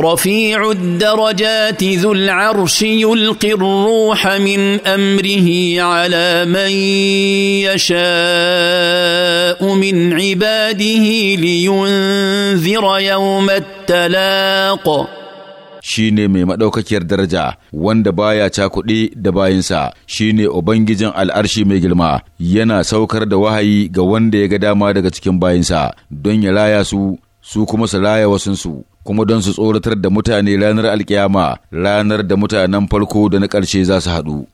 رفيع الدرجات ذو العرش يلقي الروح من امره على من يشاء من عباده لينذر يوم التلاق shine mai maɗaukakiyar daraja wanda baya cakuɗi da bayansa shine ubangijin al'arshi mai girma yana saukar da wahayi ga wanda ya ga dama daga cikin bayansa don ya raya su su kuma su raya wasunsu kuma don su tsoratar da mutane ranar alkiyama ranar da mutanen farko da na ƙarshe za su haɗu.